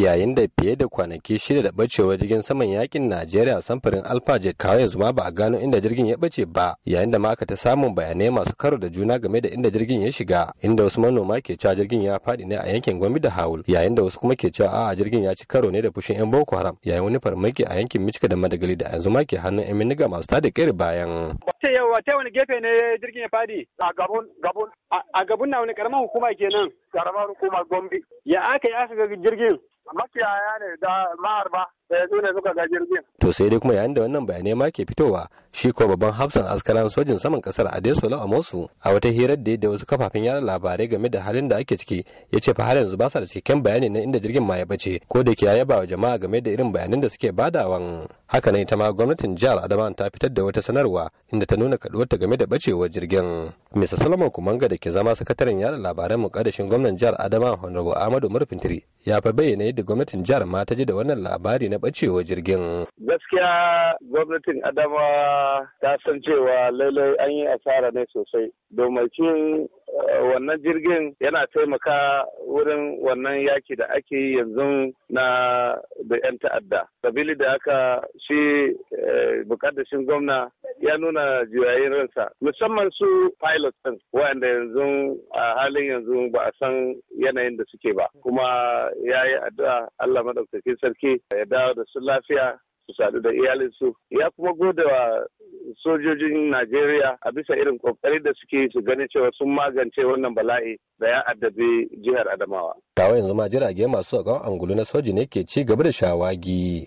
yayin da fiye da kwanaki shida da bacewar jirgin saman yakin Najeriya samfurin Alpha Jet kawai yanzu ma ba a gano inda jirgin ya bace ba yayin da ma ta samun bayanai masu karo da juna game da inda jirgin ya shiga inda wasu manoma ke cewa jirgin ya faɗi ne a yankin Gombe da Haul yayin da wasu kuma ke cewa a'a jirgin ya ci karo ne da fushin yan Boko Haram yayin wani farmaki a yankin Michigan da Madagali da yanzu ma ke hannun yan Miniga masu tada kere bayan. yawa ta wani gefe ne jirgin ya fadi a Gabon Gabon a Gabon na wani karamar hukuma kenan. karamar hukumar gombe ya aka yi aka ga jirgin makiyaya ne da maharba ne suka ga To sai dai kuma yayin da wannan bayanai ma ke fitowa shi ko babban hafsan askaran sojin saman kasar Adesola Amosu a wata hirar da da wasu kafafen yada labarai game da halin da ake ciki ya ce fa har yanzu ba sa da cikakken bayani na inda jirgin ma ya bace ko da ke ya yaba wa jama'a game da irin bayanan da suke badawan. Haka ne ita ma gwamnatin jihar adama ta fitar da wata sanarwa inda ta nuna kaduwarta game da bacewar jirgin. Mr. Solomon Kumanga da ke zama sakataren yada labaran mukaddashin gwamnan jihar Adamawa Honorable Ahmadu Murfintiri ya fa bayyana yadda gwamnatin jihar ma ta ji da wannan labari na bacewa jirgin. Gaskiya gwamnatin Adama ta san cewa lailai an yi asara ne sosai Domacin eh, wannan jirgin yana taimaka wurin wannan yaki da ake yi yanzu na da 'yan ta'adda. Sabili da aka shi eh, bukadashin gwamna ya nuna juyayin ransa musamman su pilot ɗin wanda yanzu a halin yanzu ba a san yanayin da suke ba kuma ya yi addu'a Allah maɗaukakin sarki ya dawo da su lafiya su sadu da iyalinsu ya kuma gode wa sojojin Najeriya a bisa irin kokari da suke su gani cewa sun magance wannan bala'i da ya addabi jihar Adamawa. Kawo yanzu ma jirage masu saukan angulu na soji ne ke ci gaba da shawagi